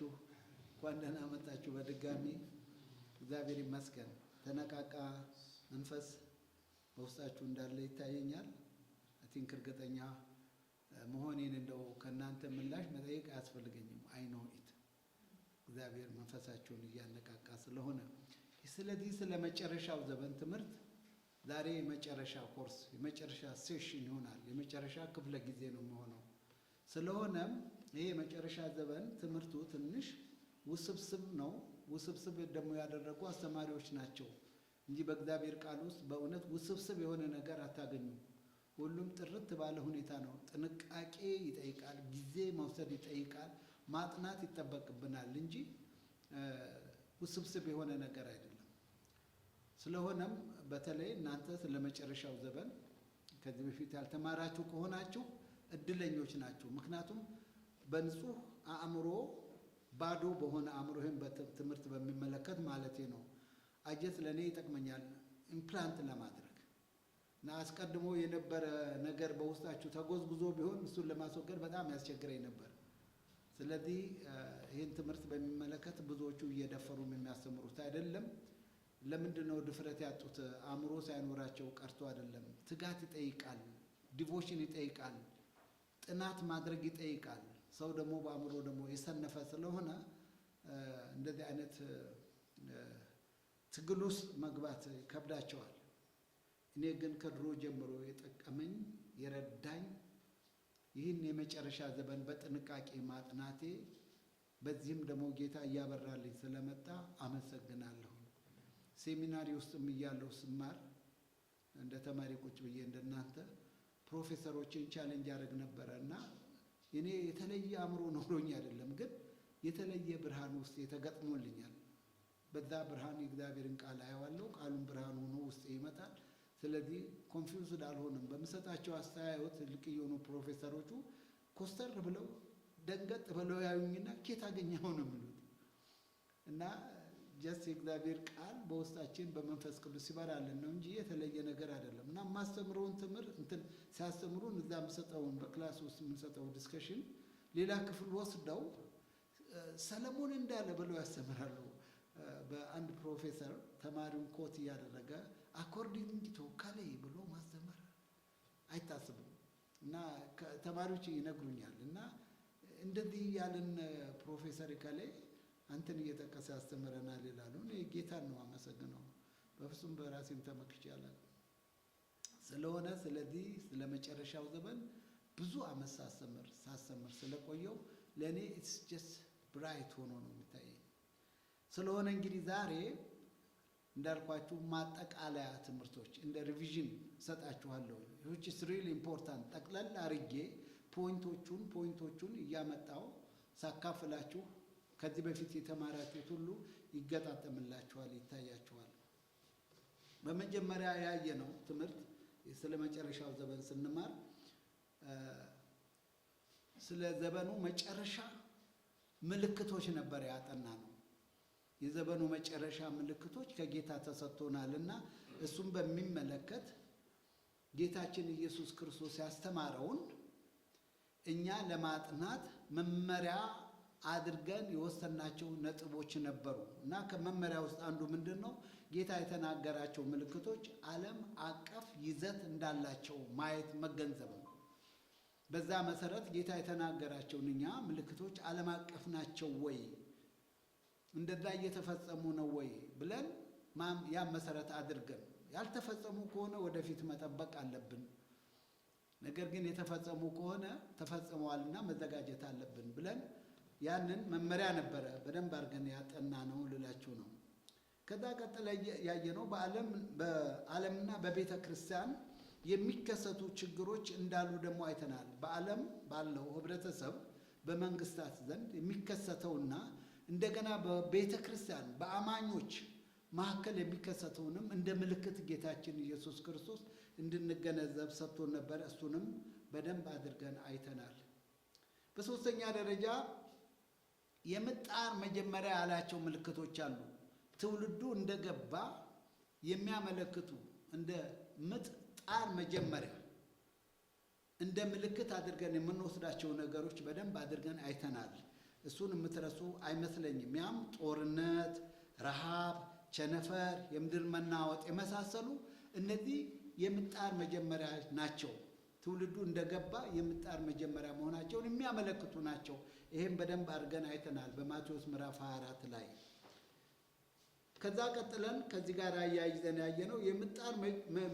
ያላችሁ እንኳን ደህና መጣችሁ በድጋሚ። እግዚአብሔር ይመስገን። ተነቃቃ መንፈስ በውስጣችሁ እንዳለ ይታየኛል። ቲንክ እርግጠኛ መሆኔን እንደው ከእናንተ ምላሽ መጠየቅ አያስፈልገኝም። አይኖ ኢት እግዚአብሔር መንፈሳችሁን እያነቃቃ ስለሆነ ስለዚህ ስለ መጨረሻው ዘመን ትምህርት ዛሬ የመጨረሻ ኮርስ የመጨረሻ ሴሽን ይሆናል። የመጨረሻ ክፍለ ጊዜ ነው የሚሆነው። ስለሆነም ይህ የመጨረሻ ዘመን ትምህርቱ ትንሽ ውስብስብ ነው። ውስብስብ ደግሞ ያደረጉ አስተማሪዎች ናቸው እንጂ በእግዚአብሔር ቃል ውስጥ በእውነት ውስብስብ የሆነ ነገር አታገኙም። ሁሉም ጥርት ባለ ሁኔታ ነው። ጥንቃቄ ይጠይቃል፣ ጊዜ መውሰድ ይጠይቃል፣ ማጥናት ይጠበቅብናል እንጂ ውስብስብ የሆነ ነገር አይደለም። ስለሆነም በተለይ እናንተ ለመጨረሻው ዘበን ዘመን ከዚህ በፊት ያልተማራችሁ ከሆናችሁ እድለኞች ናችሁ። ምክንያቱም በንጹህ አእምሮ ባዶ በሆነ አምሮ ይህን ትምህርት በሚመለከት ማለት ነው። አጀት ለእኔ ይጠቅመኛል ኢምፕላንት ለማድረግ እና አስቀድሞ የነበረ ነገር በውስጣችሁ ተጎዝጉዞ ቢሆን እሱን ለማስወገድ በጣም ያስቸግረኝ ነበር። ስለዚህ ይህን ትምህርት በሚመለከት ብዙዎቹ እየደፈሩ የሚያስተምሩት አይደለም። ለምንድን ነው ድፍረት ያጡት? አእምሮ ሳይኖራቸው ቀርቶ አይደለም። ትጋት ይጠይቃል፣ ዲቮሽን ይጠይቃል፣ ጥናት ማድረግ ይጠይቃል። ሰው ደግሞ በአእምሮ ደግሞ የሰነፈ ስለሆነ እንደዚህ አይነት ትግል ውስጥ መግባት ይከብዳቸዋል። እኔ ግን ከድሮ ጀምሮ የጠቀመኝ የረዳኝ ይህን የመጨረሻ ዘመን በጥንቃቄ ማጥናቴ በዚህም ደግሞ ጌታ እያበራልኝ ስለመጣ አመሰግናለሁ። ሴሚናሪ ውስጥም እያለሁ ስማር እንደ ተማሪ ቁጭ ብዬ እንደናንተ ፕሮፌሰሮችን ቻሌንጅ ያደረግ ነበረ እና እኔ የተለየ አእምሮ ኖሮኝ አይደለም፣ ግን የተለየ ብርሃን ውስጥ ተገጥሞልኛል በዛ ብርሃን የእግዚአብሔርን ቃል አየዋለሁ። ቃሉን ብርሃን ሆኖ ውስጥ ይመጣል። ስለዚህ ኮንፊውዝድ አልሆንም። በምሰጣቸው አስተያየት ትልቅ የሆኑ ፕሮፌሰሮቹ ኮስተር ብለው ደንገጥ ብለው ያዩኝና ኬት አገኘኸው ነው የሚሉት እና ጀስት የእግዚአብሔር ቃል በውስጣችን በመንፈስ ቅዱስ ይበራልን ነው እንጂ የተለየ ነገር አይደለም። እና የማስተምረውን ትምህርት እንትን ሲያስተምሩን እዛ የምሰጠውን በክላስ ውስጥ የምንሰጠው ዲስከሽን ሌላ ክፍል ወስደው ሰለሞን እንዳለ ብለው ያስተምራሉ። በአንድ ፕሮፌሰር ተማሪውን ኮት እያደረገ አኮርዲንግ ቱ ከላይ ብሎ ማስተማር አይታስብም። እና ተማሪዎች ይነግሩኛል እና እንደዚህ ያለን ፕሮፌሰር ከላይ አንተን እየጠቀሰ ያስተምረናል ይላሉ። እኔ ጌታን ነው አመሰግነው፣ በፍጹም በራሴም ተመክቻለሁ። ስለሆነ ስለዚህ ስለ መጨረሻው ዘመን ብዙ አመት ሳስተምር ሳስተምር ስለቆየው ለእኔ ኢትስ ጀስት ብራይት ሆኖ ነው የሚታየኝ። ስለሆነ እንግዲህ ዛሬ እንዳልኳችሁ ማጠቃለያ ትምህርቶች እንደ ሪቪዥን እሰጣችኋለሁ። ዊች ኢስ ሪል ኢምፖርታንት ጠቅለል አርጌ ፖይንቶቹን ፖይንቶቹን እያመጣው ሳካፍላችሁ ከዚህ በፊት የተማራችሁት ሁሉ ይገጣጠምላችኋል፣ ይታያችኋል። በመጀመሪያ ያየነው ትምህርት ስለ መጨረሻው ዘመን ስንማር ስለ ዘመኑ መጨረሻ ምልክቶች ነበር ያጠና ነው። የዘመኑ መጨረሻ ምልክቶች ከጌታ ተሰጥቶናል እና እሱም በሚመለከት ጌታችን ኢየሱስ ክርስቶስ ያስተማረውን እኛ ለማጥናት መመሪያ አድርገን የወሰናቸው ነጥቦች ነበሩ እና ከመመሪያ ውስጥ አንዱ ምንድን ነው? ጌታ የተናገራቸው ምልክቶች ዓለም አቀፍ ይዘት እንዳላቸው ማየት መገንዘብ ነው። በዛ መሰረት ጌታ የተናገራቸውን እኛ ምልክቶች ዓለም አቀፍ ናቸው ወይ እንደዛ እየተፈጸሙ ነው ወይ ብለን ያ መሰረት አድርገን ያልተፈጸሙ ከሆነ ወደፊት መጠበቅ አለብን። ነገር ግን የተፈጸሙ ከሆነ ተፈጽመዋልና መዘጋጀት አለብን ብለን ያንን መመሪያ ነበረ በደንብ አድርገን ያጠና ነው ልላችሁ ነው። ከዛ ቀጥለ ያየ ነው በዓለምና በቤተ ክርስቲያን የሚከሰቱ ችግሮች እንዳሉ ደግሞ አይተናል። በዓለም ባለው ህብረተሰብ በመንግስታት ዘንድ የሚከሰተውና እንደገና በቤተ ክርስቲያን በአማኞች መካከል የሚከሰተውንም እንደ ምልክት ጌታችን ኢየሱስ ክርስቶስ እንድንገነዘብ ሰጥቶ ነበር። እሱንም በደንብ አድርገን አይተናል። በሶስተኛ ደረጃ የምጣር መጀመሪያ ያላቸው ምልክቶች አሉ። ትውልዱ እንደገባ የሚያመለክቱ እንደ ምጥ ጣር መጀመሪያ እንደ ምልክት አድርገን የምንወስዳቸው ነገሮች በደንብ አድርገን አይተናል። እሱን የምትረሱ አይመስለኝም። ያም ጦርነት፣ ረሃብ፣ ቸነፈር፣ የምድር መናወጥ የመሳሰሉ እነዚህ የምጣር መጀመሪያ ናቸው። ትውልዱ እንደገባ የምጣር መጀመሪያ መሆናቸውን የሚያመለክቱ ናቸው። ይህም በደንብ አድርገን አይተናል በማቴዎስ ምዕራፍ 24 ላይ። ከዛ ቀጥለን ከዚህ ጋር አያይዘን ያየነው የምጣር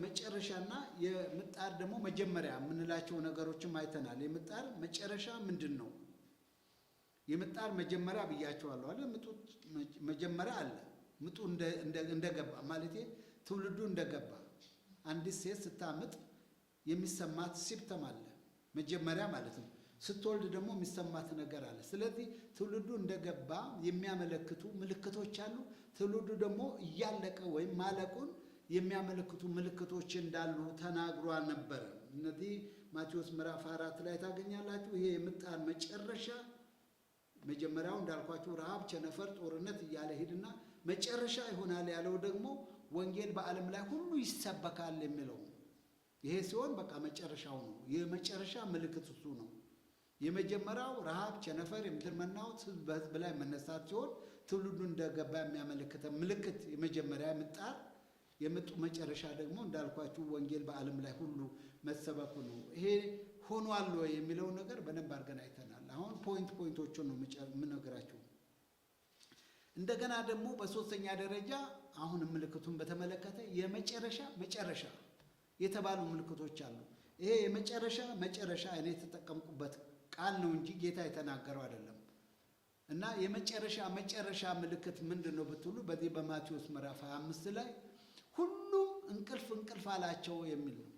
መጨረሻና የምጣር ደግሞ መጀመሪያ የምንላቸው ነገሮችም አይተናል። የምጣር መጨረሻ ምንድን ነው? የምጣር መጀመሪያ ብያቸዋለሁ አለ። ምጡ መጀመሪያ አለ። ምጡ እንደገባ ማለት ትውልዱ እንደገባ አንዲት ሴት ስታምጥ የሚሰማት ሲፕተም አለ መጀመሪያ ማለት ነው። ስትወልድ ደግሞ የሚሰማት ነገር አለ። ስለዚህ ትውልዱ እንደገባ የሚያመለክቱ ምልክቶች አሉ። ትውልዱ ደግሞ እያለቀ ወይም ማለቁን የሚያመለክቱ ምልክቶች እንዳሉ ተናግሯ ነበረ። እነዚህ ማቴዎስ ምዕራፍ አራት ላይ ታገኛላችሁ። ይሄ የምጣን መጨረሻ መጀመሪያው እንዳልኳችሁ ረሃብ፣ ቸነፈር፣ ጦርነት እያለ ሄድና መጨረሻ ይሆናል ያለው ደግሞ ወንጌል በዓለም ላይ ሁሉ ይሰበካል የሚለው ይሄ ሲሆን በቃ መጨረሻው ነው። የመጨረሻ ምልክት እሱ ነው። የመጀመሪያው ረሃብ፣ ቸነፈር፣ የምድር መናወጥ፣ ህዝብ በህዝብ ላይ መነሳት ሲሆን ትውልዱ እንደገባ የሚያመለክተ ምልክት የመጀመሪያ ምጣር የምጡ መጨረሻ ደግሞ እንዳልኳችሁ ወንጌል በዓለም ላይ ሁሉ መሰበኩ ነው። ይሄ ሆኗል ወይ የሚለው ነገር በደንብ አድርገን አይተናል። አሁን ፖይንት ፖይንቶቹን ነው የምነግራችሁ። እንደገና ደግሞ በሶስተኛ ደረጃ አሁን ምልክቱን በተመለከተ የመጨረሻ መጨረሻ የተባሉ ምልክቶች አሉ። ይሄ የመጨረሻ መጨረሻ እኔ የተጠቀምኩበት ቃል ነው እንጂ ጌታ የተናገረው አይደለም። እና የመጨረሻ መጨረሻ ምልክት ምንድን ነው ብትሉ በዚህ በማቴዎስ ምዕራፍ 25 ላይ ሁሉም እንቅልፍ እንቅልፍ አላቸው የሚል ነው።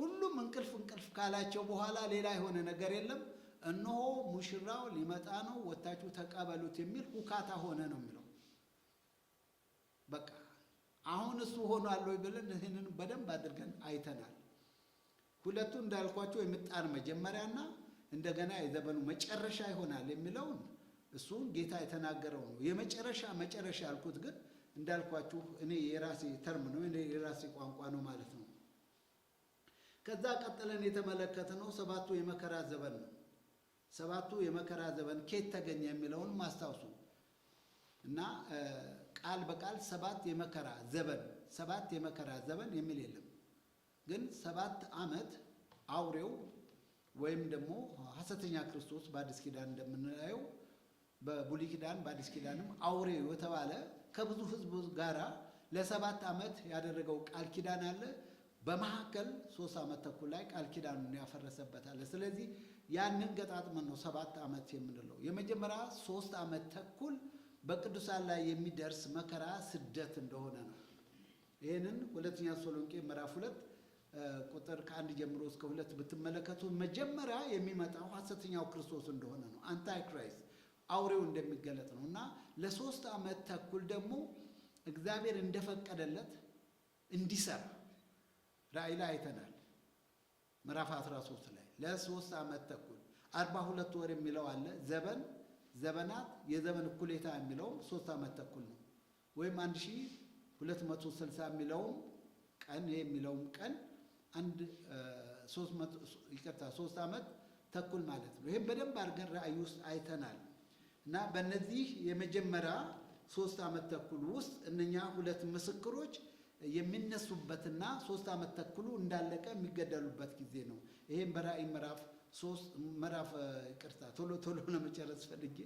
ሁሉም እንቅልፍ እንቅልፍ ካላቸው በኋላ ሌላ የሆነ ነገር የለም። እነሆ ሙሽራው ሊመጣ ነው፣ ወጥታችሁ ተቀበሉት የሚል ሁካታ ሆነ ነው የሚለው በቃ አሁን እሱ ሆኗል ወይ ብለን ይህንን በደንብ አድርገን አይተናል። ሁለቱ እንዳልኳቸው የምጣን መጀመሪያና እንደገና የዘመኑ መጨረሻ ይሆናል የሚለውን እሱን ጌታ የተናገረው ነው። የመጨረሻ መጨረሻ ያልኩት ግን እንዳልኳችሁ እኔ የራሴ ተርም ነው የራሴ ቋንቋ ነው ማለት ነው። ከዛ ቀጥለን የተመለከትነው ሰባቱ የመከራ ዘመን ነው። ሰባቱ የመከራ ዘመን ኬት ተገኘ የሚለውን ማስታውሱ እና ቃል በቃል ሰባት የመከራ ዘበን ሰባት የመከራ ዘበን የሚል የለም። ግን ሰባት ዓመት አውሬው ወይም ደግሞ ሐሰተኛ ክርስቶስ በአዲስ ኪዳን እንደምንለየው በብሉይ ኪዳን በአዲስ ኪዳንም አውሬው የተባለ ከብዙ ሕዝብ ጋራ ለሰባት ዓመት ያደረገው ቃል ኪዳን አለ። በመካከል ሶስት ዓመት ተኩል ላይ ቃል ኪዳኑን ያፈረሰበት አለ። ስለዚህ ያንን ገጣጥመን ነው ሰባት ዓመት የምንለው። የመጀመሪያ ሶስት ዓመት ተኩል በቅዱሳን ላይ የሚደርስ መከራ ስደት እንደሆነ ነው። ይህንን ሁለተኛ ተሰሎንቄ ምዕራፍ ሁለት ቁጥር ከአንድ ጀምሮ እስከ ሁለት ብትመለከቱ መጀመሪያ የሚመጣው ሐሰተኛው ክርስቶስ እንደሆነ ነው። አንታይክራይስት አውሬው እንደሚገለጥ ነው እና ለሶስት ዓመት ተኩል ደግሞ እግዚአብሔር እንደፈቀደለት እንዲሰራ ራእይ ላይ አይተናል። ምዕራፍ 13 ላይ ለሶስት ዓመት ተኩል አርባ ሁለት ወር የሚለው አለ ዘበን ዘመናት የዘመን እኩሌታ የሚለውም ሶስት ዓመት ተኩል ነው። ወይም አንድ ሺ ሁለት መቶ ስልሳ የሚለውም ቀን የሚለውም ቀን አንድ ሶስት መቶ ይቅርታ ሶስት ዓመት ተኩል ማለት ነው። ይህም በደንብ አድርገን ራእይ ውስጥ አይተናል እና በእነዚህ የመጀመሪያ ሶስት ዓመት ተኩል ውስጥ እነኛ ሁለት ምስክሮች የሚነሱበትና ሶስት ዓመት ተኩሉ እንዳለቀ የሚገደሉበት ጊዜ ነው። ይህም በራእይ ምዕራፍ ሶስት ምዕራፍ ቅርታ ቶሎ ቶሎ ለመጨረስ ፈልጌ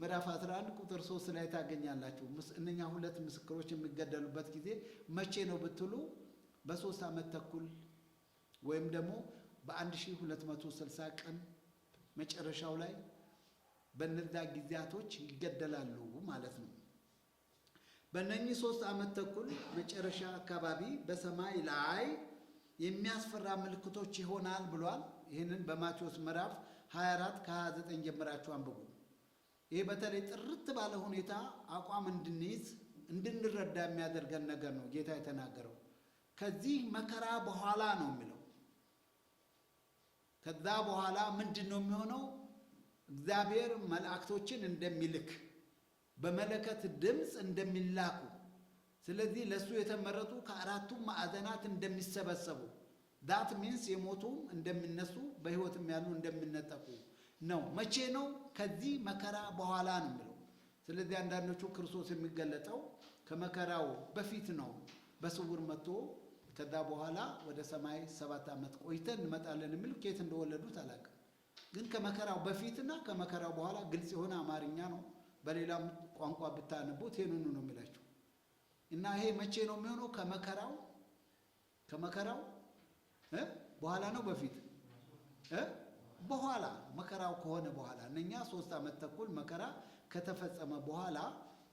ምዕራፍ 11 ቁጥር 3 ላይ ታገኛላችሁ። እነኛ ሁለት ምስክሮች የሚገደሉበት ጊዜ መቼ ነው ብትሉ በሶስት ዓመት ተኩል ወይም ደግሞ በ1260 ቀን መጨረሻው ላይ በነዛ ጊዜያቶች ይገደላሉ ማለት ነው። በእነኚህ ሶስት ዓመት ተኩል መጨረሻ አካባቢ በሰማይ ላይ የሚያስፈራ ምልክቶች ይሆናል ብሏል። ይህንን በማቴዎስ ምዕራፍ 24 ከ29 ጀምራችሁ አንብቡ። ይህ በተለይ ጥርት ባለ ሁኔታ አቋም እንድንይዝ እንድንረዳ የሚያደርገን ነገር ነው። ጌታ የተናገረው ከዚህ መከራ በኋላ ነው የሚለው። ከዛ በኋላ ምንድን ነው የሚሆነው? እግዚአብሔር መላእክቶችን እንደሚልክ በመለከት ድምፅ እንደሚላኩ ስለዚህ ለእሱ የተመረጡ ከአራቱም ማዕዘናት እንደሚሰበሰቡ ዳት ሚንስ የሞቱም እንደሚነሱ በህይወትም ያሉ እንደሚነጠቁ ነው። መቼ ነው? ከዚህ መከራ በኋላ ነው የሚለው። ስለዚህ አንዳንዶቹ ክርስቶስ የሚገለጠው ከመከራው በፊት ነው፣ በስውር መጥቶ ከዛ በኋላ ወደ ሰማይ ሰባት ዓመት ቆይተን እንመጣለን የሚል ኬት እንደወለዱት አላውቅም። ግን ከመከራው በፊትና ከመከራው በኋላ ግልጽ የሆነ አማርኛ ነው። በሌላም ቋንቋ ብታነቡት ይህንኑ ነው የሚላቸው እና ይሄ መቼ ነው የሚሆነው? ከመከራው ከመከራው በኋላ ነው በፊት በኋላ መከራው ከሆነ በኋላ እነኛ ሶስት ዓመት ተኩል መከራ ከተፈጸመ በኋላ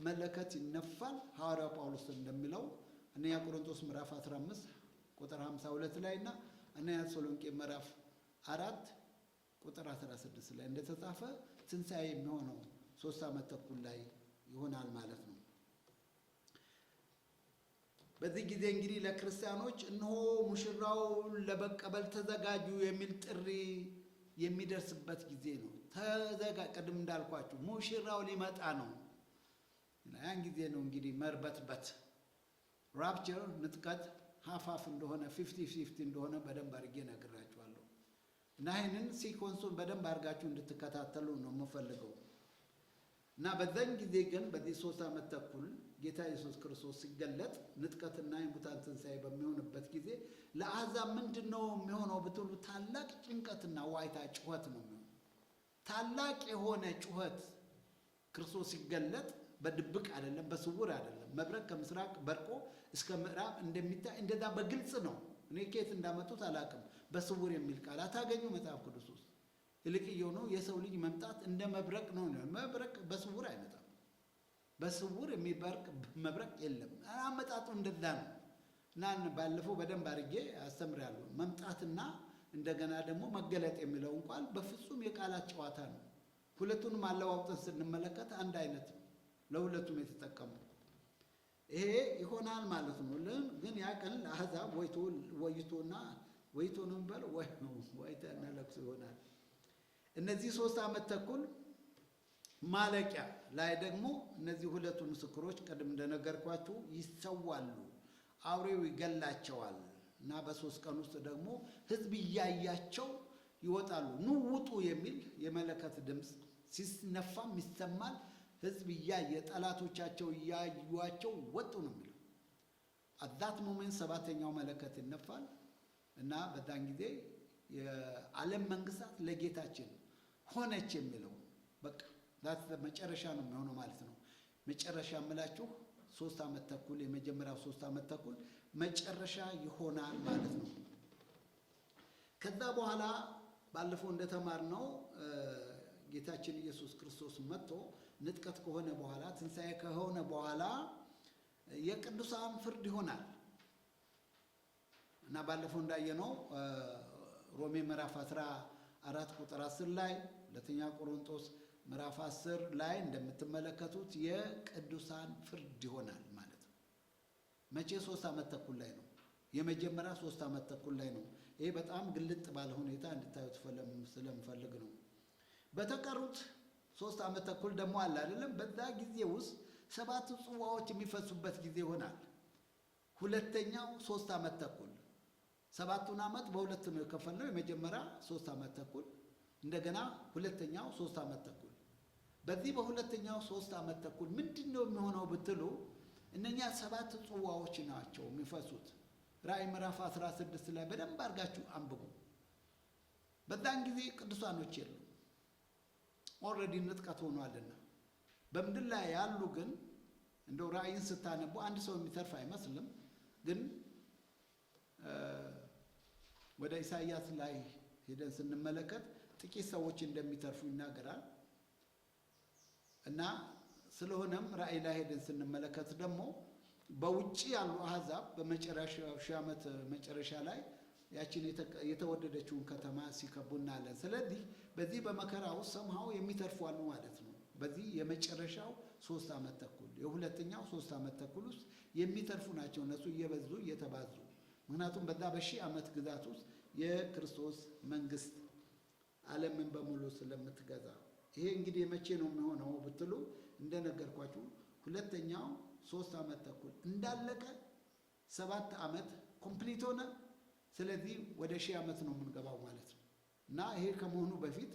መለከት ይነፋል። ሐዋርያው ጳውሎስ እንደሚለው እነኛ ቆሮንቶስ ምዕራፍ 15 ቁጥር 52 ላይ እና አንደኛ ተሰሎንቄ ምዕራፍ አራት ቁጥር 16 ላይ እንደተጻፈ ትንሣኤ የሚሆነው ሶስት ዓመት ተኩል ላይ ይሆናል ማለት ነው። በዚህ ጊዜ እንግዲህ ለክርስቲያኖች እነሆ ሙሽራው ለመቀበል ተዘጋጁ የሚል ጥሪ የሚደርስበት ጊዜ ነው። ተዘጋ ቅድም እንዳልኳችሁ ሙሽራው ሊመጣ ነው። ያን ጊዜ ነው እንግዲህ መርበትበት ራፕቸር ንጥቀት ሀፋፍ እንደሆነ ፊፍቲ ፊፍቲ እንደሆነ በደንብ አድርጌ ነግራችኋለሁ እና ይህንን ሲኮንሱን በደንብ አድርጋችሁ እንድትከታተሉ ነው የምፈልገው። እና በዛን ጊዜ ግን በዚህ ሶስት ዓመት ተኩል ጌታ ኢየሱስ ክርስቶስ ሲገለጥ ንጥቀትና የሙታን ትንሣኤ በሚሆንበት ጊዜ ለአሕዛብ ምንድን ነው የሚሆነው ብትሉ ታላቅ ጭንቀትና ዋይታ ጩኸት ነው የሚሆነው። ታላቅ የሆነ ጩኸት ክርስቶስ ሲገለጥ በድብቅ አይደለም፣ በስውር አይደለም። መብረቅ ከምስራቅ በርቆ እስከ ምዕራብ እንደሚታይ እንደዛ በግልጽ ነው። እኔ ኬት እንዳመጡት አላውቅም። በስውር የሚል ቃል አታገኙ መጽሐፍ ቅዱስ ውስጥ እልቅ የሆነው የሰው ልጅ መምጣት እንደ መብረቅ ነው። መብረቅ በስውር አይመጣም። በስውር የሚበርቅ መብረቅ የለም። አመጣጡ እንደዛ ነው እና ባለፈው በደንብ አድርጌ አስተምራለሁ። መምጣትና እንደገና ደግሞ መገለጥ የሚለው እንኳን በፍጹም የቃላት ጨዋታ ነው። ሁለቱንም አለዋውጠን ስንመለከት አንድ አይነት ነው። ለሁለቱም የተጠቀሙ ይሄ ይሆናል ማለት ነው። ግን ያ ቀን ለአሕዛብ ወይቶ ወይቶና ወይቶ ነው የሚባለው ወይቶ እና ለቅሶ ይሆናል እነዚህ ሶስት ዓመት ተኩል ማለቂያ ላይ ደግሞ እነዚህ ሁለቱ ምስክሮች ቅድም እንደነገርኳችሁ ይሰዋሉ፣ አውሬው ይገላቸዋል እና በሶስት ቀን ውስጥ ደግሞ ህዝብ እያያቸው ይወጣሉ። ኑ ውጡ የሚል የመለከት ድምፅ ሲነፋም ይሰማል። ህዝብ እያየ ጠላቶቻቸው እያዩቸው ወጡ ነው የሚለው። አዳት ሞሜንት ሰባተኛው መለከት ይነፋል እና በዛን ጊዜ የዓለም መንግስታት ለጌታችን ሆነች የሚለው በቃ መጨረሻ ነው የሚሆነው ማለት ነው። መጨረሻ የምላችሁ ሶስት ዓመት ተኩል የመጀመሪያው ሶስት ዓመት ተኩል መጨረሻ ይሆናል ማለት ነው። ከዛ በኋላ ባለፈው እንደተማርነው ጌታችን ኢየሱስ ክርስቶስ መጥቶ ንጥቀት ከሆነ በኋላ ትንሣኤ ከሆነ በኋላ የቅዱሳን ፍርድ ይሆናል እና ባለፈው እንዳየነው ሮሜ ምዕራፍ አስራ አራት ቁጥር አስር ላይ ሁለተኛ ቆሮንቶስ ምዕራፍ አስር ላይ እንደምትመለከቱት የቅዱሳን ፍርድ ይሆናል ማለት ነው። መቼ ሶስት ዓመት ተኩል ላይ ነው የመጀመሪያ ሶስት ዓመት ተኩል ላይ ነው። ይሄ በጣም ግልጥ ባለ ሁኔታ እንድታዩት ስለምፈልግ ነው። በተቀሩት ሶስት ዓመት ተኩል ደግሞ አለ አይደለም። በዛ ጊዜ ውስጥ ሰባት ጽዋዎች የሚፈሱበት ጊዜ ይሆናል። ሁለተኛው ሶስት ዓመት ተኩል ሰባቱን ዓመት በሁለት ነው የከፈልነው። የመጀመሪያ ሶስት ዓመት ተኩል እንደገና ሁለተኛው ሶስት ዓመት ተኩል። በዚህ በሁለተኛው ሶስት ዓመት ተኩል ምንድን ነው የሚሆነው ብትሉ እነኛ ሰባት ጽዋዎች ናቸው የሚፈሱት። ራእይ ምዕራፍ 16 ላይ በደንብ አድርጋችሁ አንብቡ። በዛን ጊዜ ቅዱሳኖች የሉ ኦልሬዲ ንጥቀት ሆኗልና፣ በምድር ላይ ያሉ ግን እንደው ራእይን ስታነቡ አንድ ሰው የሚተርፍ አይመስልም ግን ወደ ኢሳይያስ ላይ ሄደን ስንመለከት ጥቂት ሰዎች እንደሚተርፉ ይናገራል እና ስለሆነም ራእይ ላይ ሄደን ስንመለከት ደግሞ በውጭ ያሉ አሕዛብ በመጨረሻው ሺህ ዓመት መጨረሻ ላይ ያችን የተወደደችውን ከተማ ሲከቡ እናያለን። ስለዚህ በዚህ በመከራ ውስጥ ሰምሃው የሚተርፉ አሉ ማለት ነው። በዚህ የመጨረሻው ሶስት ዓመት ተኩል የሁለተኛው ሶስት ዓመት ተኩል ውስጥ የሚተርፉ ናቸው እነሱ እየበዙ እየተባዙ ምክንያቱም በዛ በሺህ ዓመት ግዛት ውስጥ የክርስቶስ መንግስት ዓለምን በሙሉ ስለምትገዛ። ይሄ እንግዲህ መቼ ነው የሚሆነው ብትሉ እንደነገርኳችሁ ሁለተኛው ሶስት ዓመት ተኩል እንዳለቀ ሰባት ዓመት ኮምፕሊት ሆነ። ስለዚህ ወደ ሺህ ዓመት ነው የምንገባው ማለት ነው እና ይሄ ከመሆኑ በፊት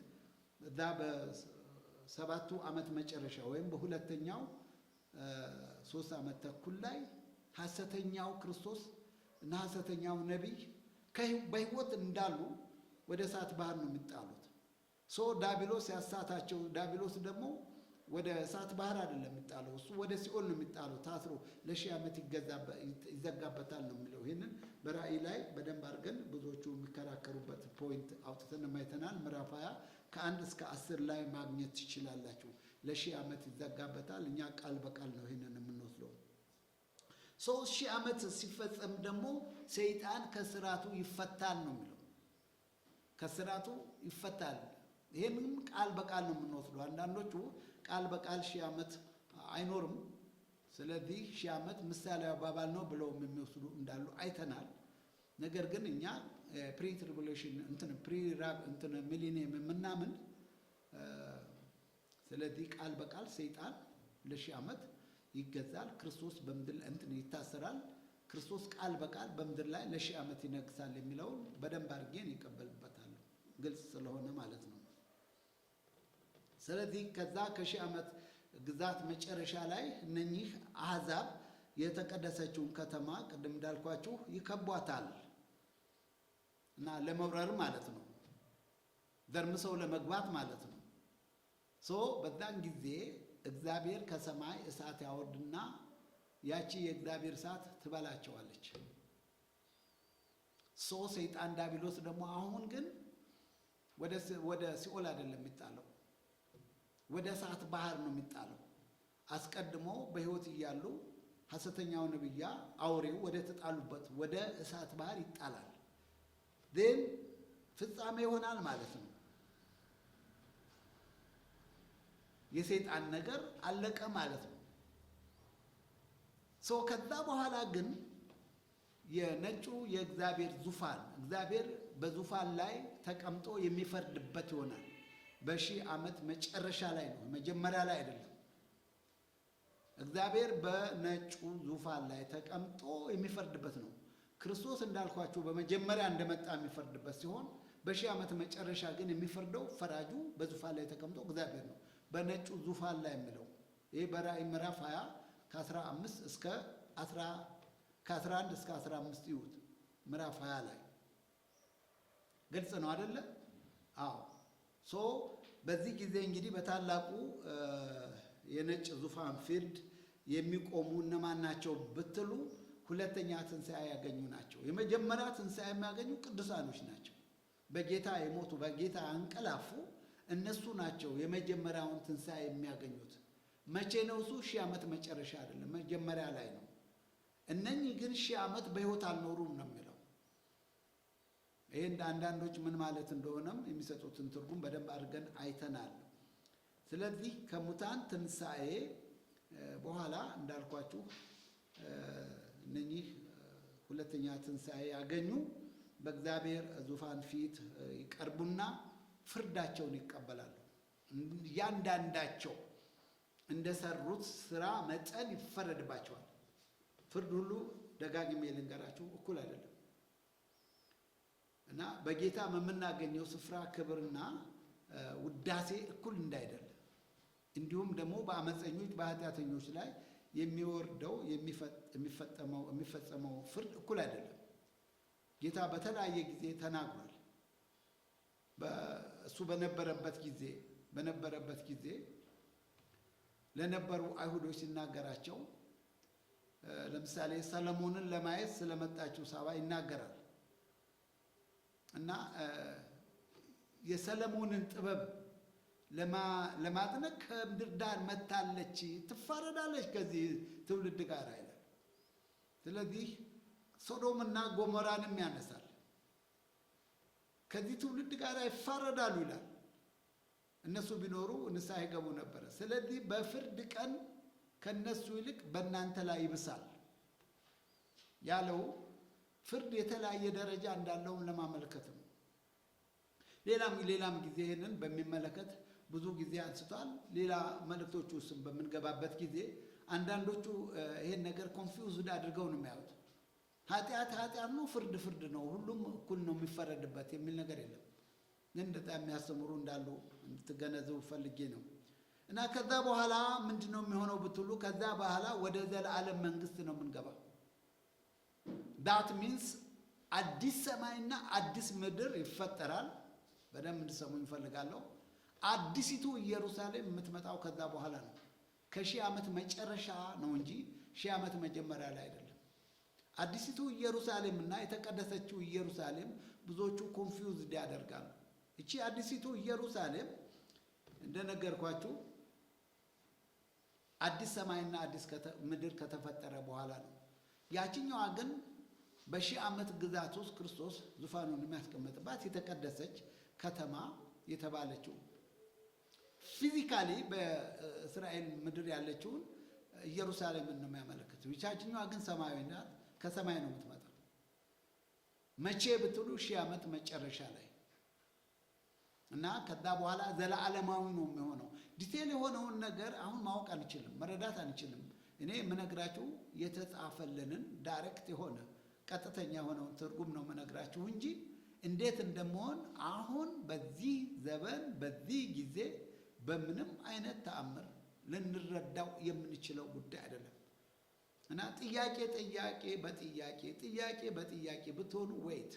እዛ በሰባቱ ዓመት መጨረሻ ወይም በሁለተኛው ሶስት ዓመት ተኩል ላይ ሐሰተኛው ክርስቶስ እና ሐሰተኛው ነቢይ በህይወት እንዳሉ ወደ እሳት ባህር ነው የሚጣሉት። ሶ ዳቢሎስ ያሳታቸው ዳቢሎስ ደግሞ ወደ እሳት ባህር አይደለም የሚጣለው፣ እሱ ወደ ሲኦል ነው የሚጣለው። ታስሮ ለሺህ ዓመት ይዘጋበታል ነው የሚለው። ይህንን በራእይ ላይ በደንብ አድርገን ብዙዎቹ የሚከራከሩበት ፖይንት አውጥተን ማይተናል። ምዕራፍ ሃያ ከአንድ እስከ አስር ላይ ማግኘት ትችላላችሁ። ለሺህ ዓመት ይዘጋበታል። እኛ ቃል በቃል ነው ይህንን የምንወ ሶስት ሺህ ዓመት ሲፈጸም ደግሞ ሰይጣን ከስራቱ ይፈታል ነው የሚለው። ከስራቱ ይፈታል። ይህንም ቃል በቃል ነው የምንወስደው። አንዳንዶቹ ቃል በቃል ሺህ ዓመት አይኖርም፣ ስለዚህ ሺህ ዓመት ምሳሌ አባባል ነው ብለውም የሚወስዱ እንዳሉ አይተናል። ነገር ግን እኛ ፕሪ ትሪቡሌሽን እንትን ፕሪ ራብ እንትን ሚሊኒየም የምናምን ስለዚህ ቃል በቃል ሰይጣን ለሺህ ዓመት ይገዛል። ክርስቶስ በምድር እንትን ይታሰራል። ክርስቶስ ቃል በቃል በምድር ላይ ለሺህ ዓመት ይነግሳል የሚለውን በደንብ አድርጌን ይቀበልበታል። ግልጽ ስለሆነ ማለት ነው። ስለዚህ ከዛ ከሺህ ዓመት ግዛት መጨረሻ ላይ እነኚህ አሕዛብ የተቀደሰችውን ከተማ ቅድም እንዳልኳችሁ ይከቧታል እና ለመብረር ማለት ነው ደርምሰው ለመግባት ማለት ነው። ሶ በዛን ጊዜ እግዚአብሔር ከሰማይ እሳት ያወርድና ያቺ የእግዚአብሔር እሳት ትበላቸዋለች። ሶ ሰይጣን ዲያብሎስ ደግሞ አሁን ግን ወደ ሲኦል አይደለም የሚጣለው፣ ወደ እሳት ባህር ነው የሚጣለው። አስቀድሞ በህይወት እያሉ ሐሰተኛው ነብያ አውሬው ወደ ተጣሉበት ወደ እሳት ባህር ይጣላል። ን ፍጻሜ ይሆናል ማለት ነው። የሰይጣን ነገር አለቀ ማለት ነው። ሰው ከዛ በኋላ ግን የነጩ የእግዚአብሔር ዙፋን እግዚአብሔር በዙፋን ላይ ተቀምጦ የሚፈርድበት ይሆናል። በሺህ ዓመት መጨረሻ ላይ ነው፣ መጀመሪያ ላይ አይደለም። እግዚአብሔር በነጩ ዙፋን ላይ ተቀምጦ የሚፈርድበት ነው። ክርስቶስ እንዳልኳቸው በመጀመሪያ እንደመጣ የሚፈርድበት ሲሆን በሺህ ዓመት መጨረሻ ግን የሚፈርደው ፈራጁ በዙፋን ላይ ተቀምጦ እግዚአብሔር ነው። በነጩ ዙፋን ላይ የሚለው ይህ በራእይ ምዕራፍ 20 ከ15 እስከ ከ11 እስከ 15 ይሁት ምዕራፍ 20 ላይ ግልጽ ነው አደለ? አዎ። ሶ በዚህ ጊዜ እንግዲህ በታላቁ የነጭ ዙፋን ፊልድ የሚቆሙ እነማን ናቸው ብትሉ ሁለተኛ ትንሣኤ ያገኙ ናቸው። የመጀመሪያ ትንሣኤ የሚያገኙ ቅዱሳኖች ናቸው። በጌታ የሞቱ በጌታ አንቀላፉ እነሱ ናቸው የመጀመሪያውን ትንሣኤ የሚያገኙት። መቼ ነው እሱ? ሺህ ዓመት መጨረሻ አይደለም፣ መጀመሪያ ላይ ነው። እነኚህ ግን ሺህ ዓመት በሕይወት አልኖሩም ነው የሚለው። ይህ አንዳንዶች ምን ማለት እንደሆነም የሚሰጡትን ትርጉም በደንብ አድርገን አይተናል። ስለዚህ ከሙታን ትንሣኤ በኋላ እንዳልኳችሁ እነኚህ ሁለተኛ ትንሣኤ ያገኙ በእግዚአብሔር ዙፋን ፊት ይቀርቡና ፍርዳቸውን ይቀበላሉ። እያንዳንዳቸው እንደሰሩት ስራ መጠን ይፈረድባቸዋል። ፍርድ ሁሉ ደጋግሜ ልንገራችሁ እኩል አይደለም እና በጌታ የምናገኘው ስፍራ ክብርና ውዳሴ እኩል እንዳይደለም እንዲሁም ደግሞ በአመፀኞች በኃጢአተኞች ላይ የሚወርደው የሚፈጸመው ፍርድ እኩል አይደለም። ጌታ በተለያየ ጊዜ ተናግሯል። እሱ በነበረበት ጊዜ በነበረበት ጊዜ ለነበሩ አይሁዶች ሲናገራቸው ለምሳሌ ሰለሞንን ለማየት ስለመጣችው ሳባ ይናገራል እና የሰለሞንን ጥበብ ለማጥነቅ ከምድር ዳር መታለች፣ ትፋረዳለች ከዚህ ትውልድ ጋር አይላል። ስለዚህ ሶዶምና ጎሞራንም ያነሳል። ከዚህ ትውልድ ጋር ይፋረዳሉ ይላል። እነሱ ቢኖሩ ንስሐ ይገቡ ነበረ። ስለዚህ በፍርድ ቀን ከነሱ ይልቅ በእናንተ ላይ ይብሳል ያለው ፍርድ የተለያየ ደረጃ እንዳለውም ለማመልከት ነው። ሌላም ሌላም ጊዜ ይህንን በሚመለከት ብዙ ጊዜ አንስቷል። ሌላ መልእክቶቹ ውስጥ በምንገባበት ጊዜ አንዳንዶቹ ይሄን ነገር ኮንፊውዝድ አድርገው ነው የሚያዩት። ኃጢአት ኃጢአት ነው፣ ፍርድ ፍርድ ነው፣ ሁሉም እኩል ነው የሚፈረድበት የሚል ነገር የለም። ግን በጣም የሚያስተምሩ እንዳሉ እንድትገነዘቡ ፈልጌ ነው። እና ከዛ በኋላ ምንድን ነው የሚሆነው ብትሉ፣ ከዛ በኋላ ወደ ዘለዓለም መንግስት ነው የምንገባ። ዳት ሚንስ አዲስ ሰማይና አዲስ ምድር ይፈጠራል። በደንብ እንድሰሙ ይፈልጋለሁ። አዲሲቱ ኢየሩሳሌም የምትመጣው ከዛ በኋላ ነው። ከሺህ ዓመት መጨረሻ ነው እንጂ ሺህ ዓመት መጀመሪያ ላይ አይደለም። አዲሲቱ ኢየሩሳሌም እና የተቀደሰችው ኢየሩሳሌም ብዙዎቹ ኮንፊውዝድ ያደርጋሉ። እቺ አዲሲቱ ኢየሩሳሌም እንደነገርኳችሁ አዲስ ሰማይና አዲስ ምድር ከተፈጠረ በኋላ ነው። ያችኛዋ ግን በሺህ ዓመት ግዛት ውስጥ ክርስቶስ ዙፋኑን የሚያስቀምጥባት የተቀደሰች ከተማ የተባለችው ፊዚካሊ በእስራኤል ምድር ያለችውን ኢየሩሳሌምን ነው የሚያመለክተው። ይቻችኛዋ ግን ሰማያዊ ናት። ከሰማይ ነው የምትመጣው። መቼ ብትሉ ሺህ ዓመት መጨረሻ ላይ እና ከዛ በኋላ ዘለዓለማዊ ነው የሚሆነው። ዲቴል የሆነውን ነገር አሁን ማወቅ አንችልም፣ መረዳት አንችልም። እኔ የምነግራችሁ የተጻፈልንን ዳይሬክት የሆነ ቀጥተኛ የሆነውን ትርጉም ነው የምነግራችሁ እንጂ እንዴት እንደመሆን አሁን በዚህ ዘበን በዚህ ጊዜ በምንም አይነት ተአምር ልንረዳው የምንችለው ጉዳይ አይደለም። እና ጥያቄ ጥያቄ በጥያቄ ጥያቄ በጥያቄ ብትሆኑ ወይት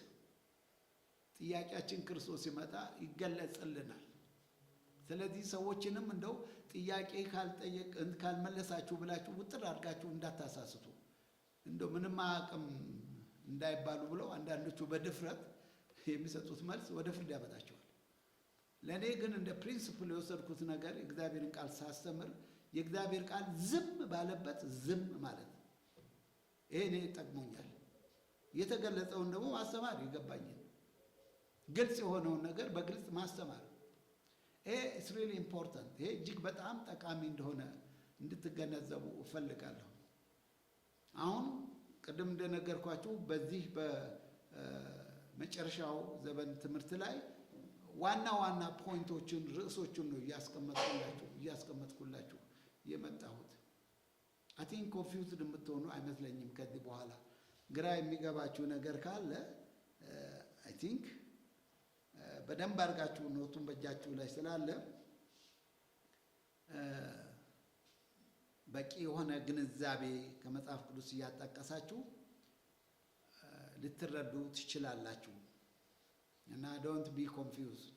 ጥያቄያችን ክርስቶስ ሲመጣ ይገለጽልናል። ስለዚህ ሰዎችንም እንደው ጥያቄ ካልጠየቅ ካልመለሳችሁ ብላችሁ ውጥር አድርጋችሁ እንዳታሳስቱ እንደው ምንም አቅም እንዳይባሉ ብለው አንዳንዶቹ በድፍረት የሚሰጡት መልስ ወደ ፍርድ ያመጣቸዋል። ለእኔ ግን እንደ ፕሪንስፕል የወሰድኩት ነገር የእግዚአብሔርን ቃል ሳስተምር የእግዚአብሔር ቃል ዝም ባለበት ዝም ማለት ይሄ እኔ ጠቅሞኛል። የተገለጸውን ደግሞ ማስተማር ይገባኝን ግልጽ የሆነውን ነገር በግልጽ ማስተማር ይሄ ኢስ ሪሊ ኢምፖርታንት፣ ይሄ እጅግ በጣም ጠቃሚ እንደሆነ እንድትገነዘቡ እፈልጋለሁ። አሁን ቅድም እንደነገርኳችሁ በዚህ በመጨረሻው ዘመን ትምህርት ላይ ዋና ዋና ፖይንቶችን ርዕሶችን ነው እያስቀመጥኩላችሁ እያስቀመጥኩላችሁ የመጣሁት። አቲን ኮንፊውዝድ የምትሆኑ አይመስለኝም። ከዚህ በኋላ ግራ የሚገባችሁ ነገር ካለ አይ uh, ቲንክ uh, በደንብ አድርጋችሁ ኖቱን በእጃችሁ ላይ ስላለ uh, በቂ የሆነ ግንዛቤ ከመጽሐፍ ቅዱስ እያጠቀሳችሁ ልትረዱ ትችላላችሁ እና ዶንት ቢ ኮንፊውዝድ።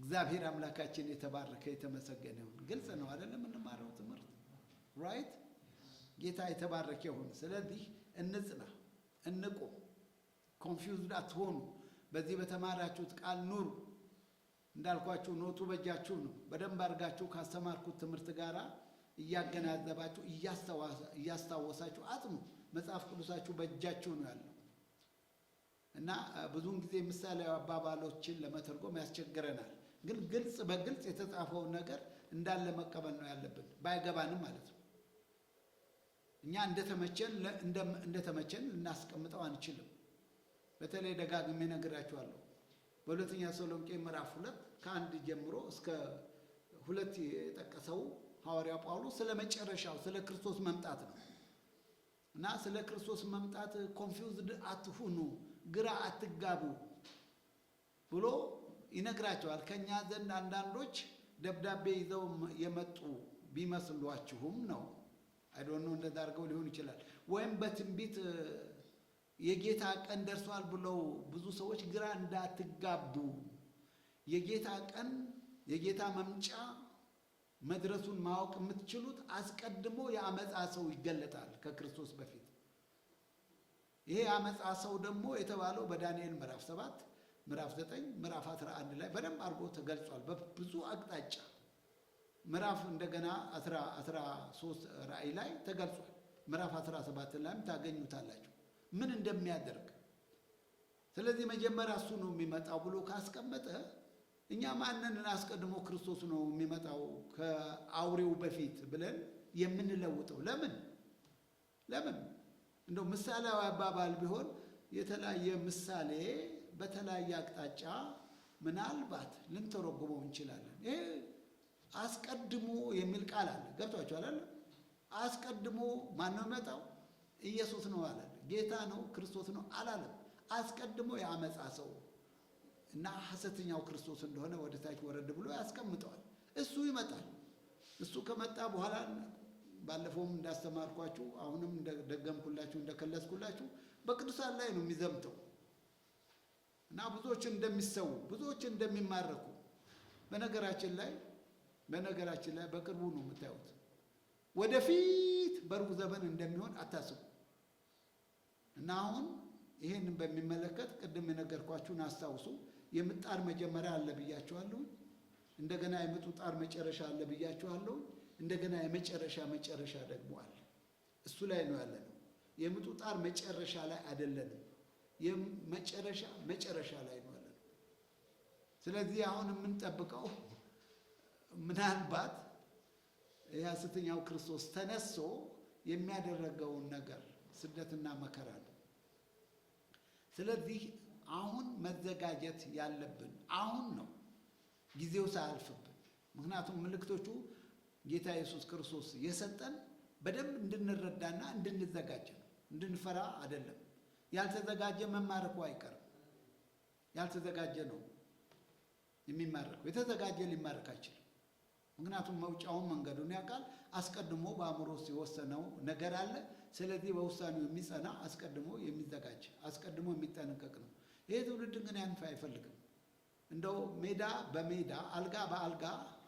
እግዚአብሔር አምላካችን የተባረከ የተመሰገነ ይሁን። ግልጽ ነው አይደለም? የምንማረው ትምህርት ራይት ጌታ የተባረከ ይሁን። ስለዚህ እንጽና፣ እንቁም፣ ኮንፊውዝድ አትሆኑ። በዚህ በተማራችሁት ቃል ኑሩ። እንዳልኳችሁ ኖቱ በእጃችሁ ነው። በደንብ አድርጋችሁ ካስተማርኩት ትምህርት ጋር እያገናዘባችሁ እያስታወሳችሁ አጥኑ። መጽሐፍ ቅዱሳችሁ በእጃችሁ ነው ያለው እና ብዙውን ጊዜ ምሳሌያዊ አባባሎችን ለመተርጎም ያስቸግረናል። ግን ግልጽ በግልጽ የተጻፈውን ነገር እንዳለ መቀበል ነው ያለብን፣ ባይገባንም ማለት ነው። እኛ እንደተመቸን እንደተመቸን ልናስቀምጠው አንችልም። በተለይ ደጋግሜ እነግራችኋለሁ። በሁለተኛ ተሰሎንቄ ምዕራፍ ሁለት ከአንድ ጀምሮ እስከ ሁለት የጠቀሰው ሐዋርያው ጳውሎስ ስለ መጨረሻው ስለ ክርስቶስ መምጣት ነው እና ስለ ክርስቶስ መምጣት ኮንፊውዝድ አትሁኑ፣ ግራ አትጋቡ ብሎ ይነግራቸዋል። ከእኛ ዘንድ አንዳንዶች ደብዳቤ ይዘው የመጡ ቢመስሏችሁም ነው አይዶኖ እንደዛ አድርገው ሊሆን ይችላል። ወይም በትንቢት የጌታ ቀን ደርሷል ብለው ብዙ ሰዎች ግራ እንዳትጋቡ የጌታ ቀን የጌታ መምጫ መድረሱን ማወቅ የምትችሉት አስቀድሞ የአመፃ ሰው ይገለጣል ከክርስቶስ በፊት። ይሄ የአመፃ ሰው ደግሞ የተባለው በዳንኤል ምዕራፍ ሰባት ምዕራፍ ዘጠኝ ምዕራፍ አስራ አንድ ላይ በደንብ አድርጎ ተገልጿል በብዙ አቅጣጫ ምዕራፍ እንደገና ሶስት ራእይ ላይ ተገልጿል። ምዕራፍ 17 ላይም ታገኙታላችሁ ምን እንደሚያደርግ። ስለዚህ መጀመሪያ እሱ ነው የሚመጣው ብሎ ካስቀመጠ እኛ ማንን አስቀድሞ ክርስቶስ ነው የሚመጣው ከአውሬው በፊት ብለን የምንለውጠው ለምን ለምን እንደው ምሳሌያዊ አባባል ቢሆን የተለያየ ምሳሌ በተለያየ አቅጣጫ ምናልባት ልንተረጉመው እንችላለን። ይሄ አስቀድሞ የሚል ቃል አለ። ገብቷችኋል አለ። አስቀድሞ ማን ነው የሚመጣው? ኢየሱስ ነው አለ። ጌታ ነው ክርስቶስ ነው አላለም። አስቀድሞ የአመፃ ሰው እና ሐሰተኛው ክርስቶስ እንደሆነ ወደ ታች ወረድ ብሎ ያስቀምጠዋል። እሱ ይመጣል። እሱ ከመጣ በኋላ ባለፈውም እንዳስተማርኳችሁ አሁንም ደገምኩላችሁ እንደከለስኩላችሁ በቅዱሳን ላይ ነው የሚዘምተው እና ብዙዎች እንደሚሰው ብዙዎች እንደሚማረኩ በነገራችን ላይ በነገራችን ላይ በቅርቡ ነው የምታዩት። ወደፊት በሩቅ ዘመን እንደሚሆን አታስቡ እና አሁን ይህንን በሚመለከት ቅድም የነገርኳችሁን አስታውሱ። የምጣር መጀመሪያ አለ ብያችኋለሁ። እንደገና የምጡጣር መጨረሻ አለ ብያችኋለሁ። እንደገና የመጨረሻ መጨረሻ ደግሞ አለ። እሱ ላይ ነው ያለነው። የምጡጣር መጨረሻ ላይ አይደለንም። የመጨረሻ መጨረሻ ላይ ነው ያለነው። ስለዚህ አሁን የምንጠብቀው ምናልባት የሐሰተኛው ክርስቶስ ተነሶ የሚያደረገውን ነገር ስደትና መከራ ነው። ስለዚህ አሁን መዘጋጀት ያለብን አሁን ነው፣ ጊዜው ሳያልፍብን። ምክንያቱም ምልክቶቹ ጌታ ኢየሱስ ክርስቶስ የሰጠን በደንብ እንድንረዳና እንድንዘጋጅ ነው፣ እንድንፈራ አይደለም። ያልተዘጋጀ መማረኩ አይቀርም። ያልተዘጋጀ ነው የሚማረከው፣ የተዘጋጀ ሊማረክ አይችልም። ምክንያቱም መውጫውን መንገዱን ያውቃል። አስቀድሞ በአእምሮ የወሰነው ነገር አለ። ስለዚህ በውሳኔው የሚጸና አስቀድሞ የሚዘጋጅ አስቀድሞ የሚጠነቀቅ ነው። ይሄ ትውልድ ግን ያን አይፈልግም። እንደው ሜዳ በሜዳ አልጋ በአልጋ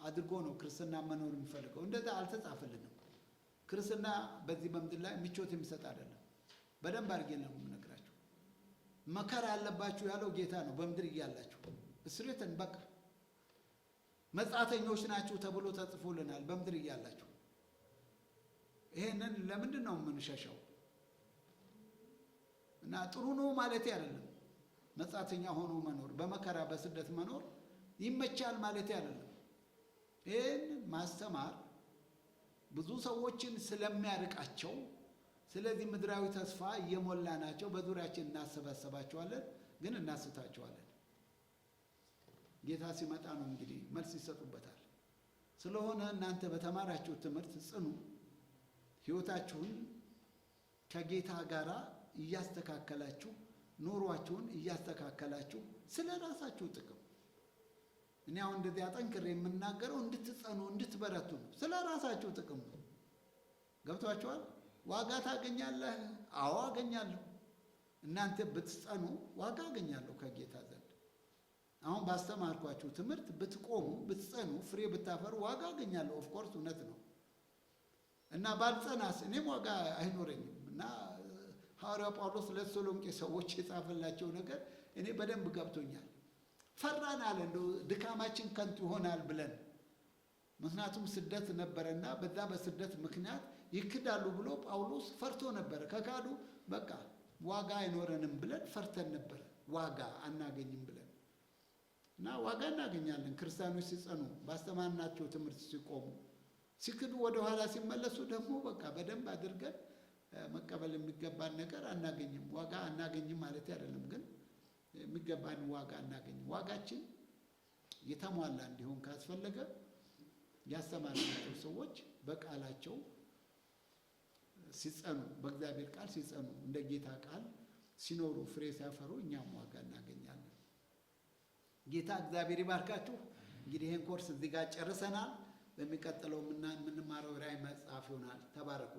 አድርጎ ነው ክርስትና መኖር የሚፈልገው። እንደዛ አልተጻፈልንም። ክርስትና በዚህ በምድር ላይ ምቾት የሚሰጥ አይደለም። በደንብ አድርጌ ነው የምነግራችሁ። መከራ አለባችሁ ያለው ጌታ ነው። በምድር እያላችሁ እስሬትን በቃ መጻተኞች ናችሁ ተብሎ ተጽፎልናል በምድር እያላችሁ። ይሄንን ለምንድን ነው የምንሸሸው? እና ጥሩ ነው ማለት አይደለም። መጻተኛ ሆኖ መኖር፣ በመከራ በስደት መኖር ይመቻል ማለት አይደለም። ይህን ማስተማር ብዙ ሰዎችን ስለሚያርቃቸው ስለዚህ ምድራዊ ተስፋ እየሞላ ናቸው። በዙሪያችን እናሰባሰባቸዋለን፣ ግን እናስታቸዋለን። ጌታ ሲመጣ ነው እንግዲህ መልስ ይሰጡበታል። ስለሆነ እናንተ በተማራችሁ ትምህርት ጽኑ፣ ህይወታችሁን ከጌታ ጋር እያስተካከላችሁ ኑሯችሁን እያስተካከላችሁ ስለ ራሳችሁ ጥቅም እኔ አሁን እንደዚህ አጠንክሬ የምናገረው እንድትጸኑ እንድትበረቱ ነው። ስለ ራሳችሁ ጥቅም ነው። ገብቷችኋል? ዋጋ ታገኛለህ። አዎ አገኛለሁ። እናንተ ብትጸኑ ዋጋ አገኛለሁ ከጌታ አሁን ባስተማርኳችሁ ትምህርት ብትቆሙ ብትጸኑ ፍሬ ብታፈሩ ዋጋ አገኛለሁ። ኦፍኮርስ እውነት ነው እና ባልጸናስ እኔም ዋጋ አይኖረኝም እና ሐዋርያው ጳውሎስ ለተሰሎንቄ ሰዎች የጻፈላቸው ነገር እኔ በደንብ ገብቶኛል። ፈራን አለ እንደው ድካማችን ከንቱ ይሆናል ብለን ምክንያቱም ስደት ነበረና በዛ በስደት ምክንያት ይክዳሉ ብሎ ጳውሎስ ፈርቶ ነበረ። ከካዱ በቃ ዋጋ አይኖረንም ብለን ፈርተን ነበር ዋጋ አናገኝም ብለን እና ዋጋ እናገኛለን። ክርስቲያኖች ሲጸኑ፣ ባስተማርናቸው ትምህርት ሲቆሙ፣ ሲክዱ፣ ወደኋላ ሲመለሱ ደግሞ በቃ በደንብ አድርገን መቀበል የሚገባን ነገር አናገኝም። ዋጋ አናገኝም ማለት አይደለም፣ ግን የሚገባን ዋጋ አናገኝም። ዋጋችን የተሟላ እንዲሆን ካስፈለገ ያስተማርናቸው ሰዎች በቃላቸው ሲጸኑ፣ በእግዚአብሔር ቃል ሲጸኑ፣ እንደ ጌታ ቃል ሲኖሩ፣ ፍሬ ሲያፈሩ እኛም ዋጋ እናገኛለን። ጌታ እግዚአብሔር ይባርካችሁ። እንግዲህ ይህን ኮርስ እዚህ ጋር ጨርሰናል። በሚቀጥለው የምንማረው ራይ መጽሐፍ ይሆናል። ተባረኩ።